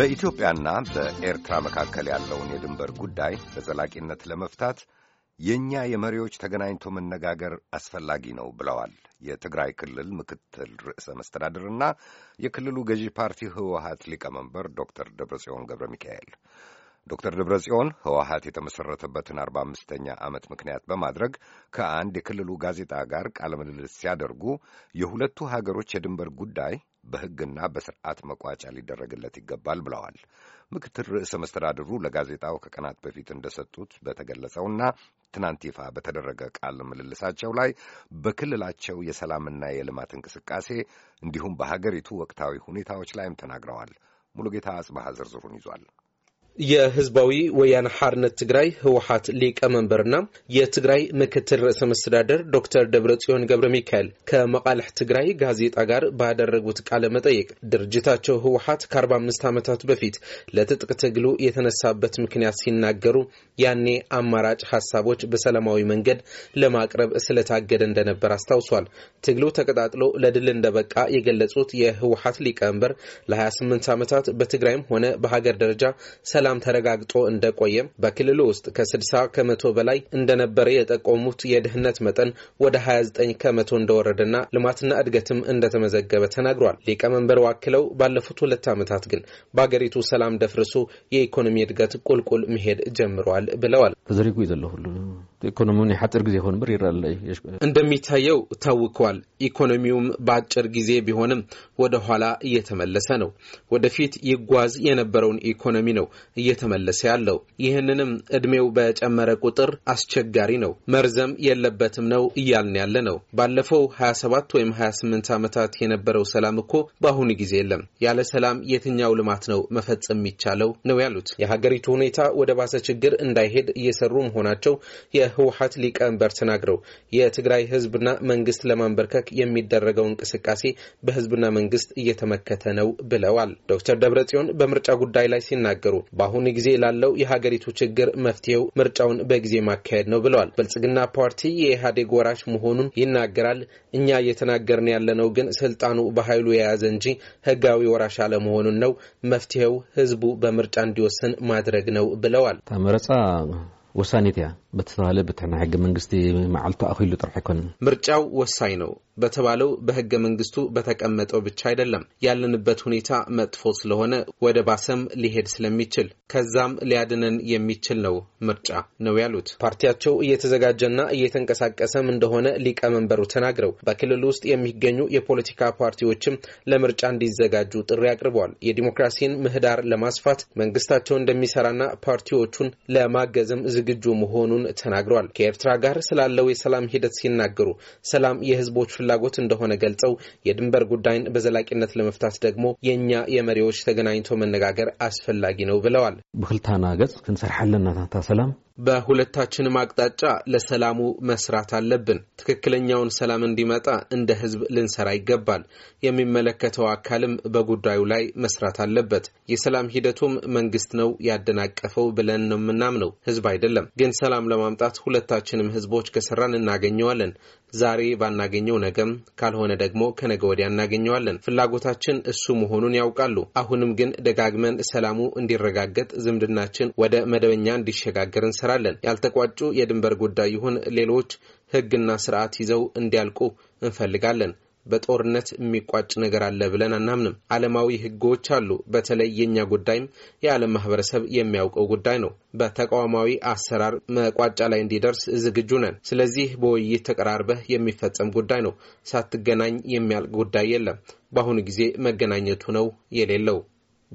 በኢትዮጵያና በኤርትራ መካከል ያለውን የድንበር ጉዳይ በዘላቂነት ለመፍታት የእኛ የመሪዎች ተገናኝቶ መነጋገር አስፈላጊ ነው ብለዋል የትግራይ ክልል ምክትል ርዕሰ መስተዳድርና የክልሉ ገዢ ፓርቲ ህወሀት ሊቀመንበር ዶክተር ደብረጽዮን ገብረ ሚካኤል። ዶክተር ደብረጽዮን ህወሀት የተመሠረተበትን አርባ አምስተኛ ዓመት ምክንያት በማድረግ ከአንድ የክልሉ ጋዜጣ ጋር ቃለ ምልልስ ሲያደርጉ የሁለቱ ሀገሮች የድንበር ጉዳይ በሕግና በስርዓት መቋጫ ሊደረግለት ይገባል ብለዋል። ምክትል ርዕሰ መስተዳድሩ ለጋዜጣው ከቀናት በፊት እንደሰጡት በተገለጸውና ትናንት ይፋ በተደረገ ቃል ምልልሳቸው ላይ በክልላቸው የሰላምና የልማት እንቅስቃሴ እንዲሁም በሀገሪቱ ወቅታዊ ሁኔታዎች ላይም ተናግረዋል። ሙሉጌታ አጽባሃ ዝርዝሩን ይዟል። የህዝባዊ ወያነ ሓርነት ትግራይ ህወሓት ሊቀመንበርና የትግራይ ምክትል ርዕሰ መስተዳደር ዶክተር ደብረጽዮን ገብረ ሚካኤል ከመቃልሕ ትግራይ ጋዜጣ ጋር ባደረጉት ቃለ መጠይቅ ድርጅታቸው ህወሓት ከ45 ዓመታት በፊት ለትጥቅ ትግሉ የተነሳበት ምክንያት ሲናገሩ ያኔ አማራጭ ሀሳቦች በሰላማዊ መንገድ ለማቅረብ ስለታገደ እንደነበር አስታውሷል። ትግሉ ተቀጣጥሎ ለድል እንደበቃ የገለጹት የህወሓት ሊቀመንበር ለ28 ዓመታት በትግራይም ሆነ በሀገር ደረጃ ሰላም ተረጋግጦ እንደቆየም በክልሉ ውስጥ ከ60 ከመቶ በላይ እንደነበረ የጠቆሙት የድህነት መጠን ወደ 29 ከመቶ እንደወረደና ልማትና እድገትም እንደተመዘገበ ተናግሯል። ሊቀመንበሩ አክለው ባለፉት ሁለት ዓመታት ግን በአገሪቱ ሰላም ደፍርሶ የኢኮኖሚ እድገት ቁልቁል መሄድ ጀምሯል ብለዋል። ኢኮኖሚውን የሓፂር ግዜ ይሆን ብር ይረአ እንደሚታየው ታውኳል። ኢኮኖሚውም በአጭር ጊዜ ቢሆንም ወደ ኋላ እየተመለሰ ነው። ወደፊት ይጓዝ የነበረውን ኢኮኖሚ ነው እየተመለሰ ያለው። ይህንንም እድሜው በጨመረ ቁጥር አስቸጋሪ ነው፣ መርዘም የለበትም ነው እያልን ያለ ነው። ባለፈው 27 ወይም 28 ዓመታት የነበረው ሰላም እኮ በአሁኑ ጊዜ የለም። ያለ ሰላም የትኛው ልማት ነው መፈጸም የሚቻለው ነው ያሉት። የሀገሪቱ ሁኔታ ወደ ባሰ ችግር እንዳይሄድ እየሰሩ መሆናቸው የህወሀት ሊቀመንበር ተናግረው የትግራይ ህዝብና መንግስት ለማንበርከክ የሚደረገው እንቅስቃሴ በህዝብና መንግስት እየተመከተ ነው ብለዋል። ዶክተር ደብረጽዮን በምርጫ ጉዳይ ላይ ሲናገሩ በአሁኑ ጊዜ ላለው የሀገሪቱ ችግር መፍትሄው ምርጫውን በጊዜ ማካሄድ ነው ብለዋል። ብልጽግና ፓርቲ የኢህአዴግ ወራሽ መሆኑን ይናገራል። እኛ እየተናገርን ያለነው ግን ስልጣኑ በኃይሉ የያዘ እንጂ ህጋዊ ወራሽ አለመሆኑን ነው። መፍትሄው ህዝቡ በምርጫ እንዲወስን ማድረግ ነው ብለዋል። ወሳኒት እያ በተባለ ብትሕና ሕገ መንግስቲ መዓልቱ ኣኺሉ ጥራሕ ኣይኮነ ምርጫው ወሳኝ ነው በተባለው በሕገ መንግስቱ በተቀመጠው ብቻ አይደለም። ያለንበት ሁኔታ መጥፎ ስለሆነ ወደ ባሰም ሊሄድ ስለሚችል ከዛም ሊያድነን የሚችል ነው ምርጫ ነው ያሉት። ፓርቲያቸው እየተዘጋጀና እየተንቀሳቀሰም እንደሆነ ሊቀመንበሩ ተናግረው በክልል ውስጥ የሚገኙ የፖለቲካ ፓርቲዎችም ለምርጫ እንዲዘጋጁ ጥሪ አቅርበዋል። የዲሞክራሲን ምህዳር ለማስፋት መንግስታቸው እንደሚሰራና ፓርቲዎቹን ለማገዝም ዝግጁ መሆኑን ተናግረዋል። ከኤርትራ ጋር ስላለው የሰላም ሂደት ሲናገሩ ሰላም የህዝቦች ፍላጎት እንደሆነ ገልጸው የድንበር ጉዳይን በዘላቂነት ለመፍታት ደግሞ የእኛ የመሪዎች ተገናኝቶ መነጋገር አስፈላጊ ነው ብለዋል። ብክልታና ገጽ ክንሰርሐ ሰላም በሁለታችንም አቅጣጫ ለሰላሙ መስራት አለብን። ትክክለኛውን ሰላም እንዲመጣ እንደ ህዝብ ልንሰራ ይገባል። የሚመለከተው አካልም በጉዳዩ ላይ መስራት አለበት። የሰላም ሂደቱም መንግስት ነው ያደናቀፈው ብለን ነው የምናምነው፣ ህዝብ አይደለም። ግን ሰላም ለማምጣት ሁለታችንም ህዝቦች ከሰራን እናገኘዋለን። ዛሬ ባናገኘው ነገም፣ ካልሆነ ደግሞ ከነገ ወዲያ እናገኘዋለን። ፍላጎታችን እሱ መሆኑን ያውቃሉ። አሁንም ግን ደጋግመን ሰላሙ እንዲረጋገጥ ዝምድናችን ወደ መደበኛ እንዲሸጋገር እንሰራ እንመክራለን። ያልተቋጩ የድንበር ጉዳይ ይሁን ሌሎች ህግና ስርዓት ይዘው እንዲያልቁ እንፈልጋለን። በጦርነት የሚቋጭ ነገር አለ ብለን አናምንም። ዓለማዊ ህጎች አሉ። በተለይ የእኛ ጉዳይም የዓለም ማህበረሰብ የሚያውቀው ጉዳይ ነው። በተቋማዊ አሰራር መቋጫ ላይ እንዲደርስ ዝግጁ ነን። ስለዚህ በውይይት ተቀራርበህ የሚፈጸም ጉዳይ ነው። ሳትገናኝ የሚያልቅ ጉዳይ የለም። በአሁኑ ጊዜ መገናኘቱ ነው የሌለው።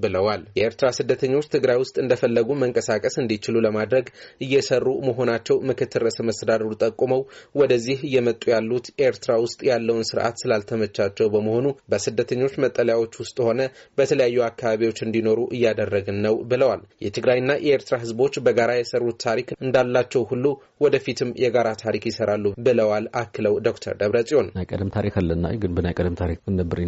ብለዋል። የኤርትራ ስደተኞች ትግራይ ውስጥ እንደፈለጉ መንቀሳቀስ እንዲችሉ ለማድረግ እየሰሩ መሆናቸው ምክትል ርዕሰ መስተዳድሩ ጠቁመው ወደዚህ እየመጡ ያሉት ኤርትራ ውስጥ ያለውን ስርዓት ስላልተመቻቸው በመሆኑ በስደተኞች መጠለያዎች ውስጥ ሆነ በተለያዩ አካባቢዎች እንዲኖሩ እያደረግን ነው ብለዋል። የትግራይና የኤርትራ ህዝቦች በጋራ የሰሩት ታሪክ እንዳላቸው ሁሉ ወደፊትም የጋራ ታሪክ ይሰራሉ ብለዋል። አክለው ዶክተር ደብረጽዮን ናይ ቀደም ታሪክ አለና ግን ብናይ ቀደም ታሪክ ነብር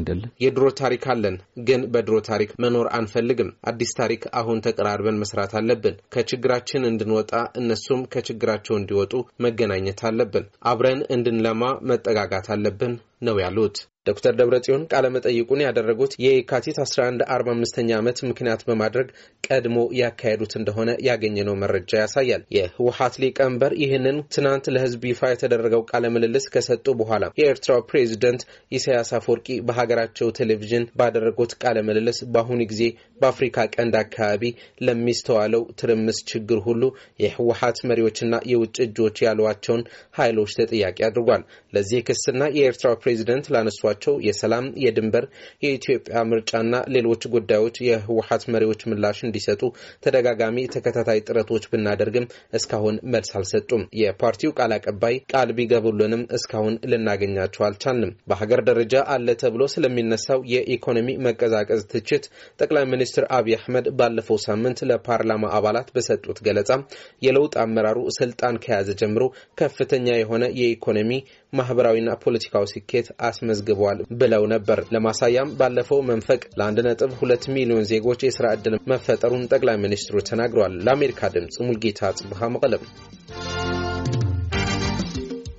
የድሮ ታሪክ አለን ግን በድሮ ታሪክ መኖር አንፈልግም። አዲስ ታሪክ አሁን ተቀራርበን መስራት አለብን። ከችግራችን እንድንወጣ እነሱም ከችግራቸው እንዲወጡ መገናኘት አለብን። አብረን እንድንለማ መጠጋጋት አለብን ነው ያሉት። ዶክተር ደብረጽዮን ቃለመጠይቁን ያደረጉት የካቲት 11 45ኛ ዓመት ምክንያት በማድረግ ቀድሞ ያካሄዱት እንደሆነ ያገኘነው መረጃ ያሳያል። የህወሀት ሊቀመንበር ይህንን ትናንት ለህዝብ ይፋ የተደረገው ቃለምልልስ ከሰጡ በኋላ የኤርትራው ፕሬዚደንት ኢሳያስ አፈወርቂ በሀገራቸው ቴሌቪዥን ባደረጉት ቃለምልልስ በአሁኑ ጊዜ በአፍሪካ ቀንድ አካባቢ ለሚስተዋለው ትርምስ ችግር ሁሉ የህወሀት መሪዎችና የውጭ እጆች ያሏቸውን ኃይሎች ተጠያቂ አድርጓል። ለዚህ ክስና የኤርትራው ፕሬዚደንት ላነሷቸው የሰላም፣ የድንበር፣ የኢትዮጵያ ምርጫና ሌሎች ጉዳዮች የህወሀት መሪዎች ምላሽ እንዲሰጡ ተደጋጋሚ ተከታታይ ጥረቶች ብናደርግም እስካሁን መልስ አልሰጡም። የፓርቲው ቃል አቀባይ ቃል ቢገቡልንም እስካሁን ልናገኛቸው አልቻልንም። በሀገር ደረጃ አለ ተብሎ ስለሚነሳው የኢኮኖሚ መቀዛቀዝ ትችት ጠቅላይ ሚኒስትር አብይ አህመድ ባለፈው ሳምንት ለፓርላማ አባላት በሰጡት ገለጻ የለውጥ አመራሩ ስልጣን ከያዘ ጀምሮ ከፍተኛ የሆነ የኢኮኖሚ ማህበራዊና ፖለቲካዊ ስኬት ስኬት አስመዝግቧል ብለው ነበር። ለማሳያም ባለፈው መንፈቅ ለ1.2 ሚሊዮን ዜጎች የስራ ዕድል መፈጠሩን ጠቅላይ ሚኒስትሩ ተናግረዋል። ለአሜሪካ ድምፅ ሙልጌታ ጽቡሃ መቀለም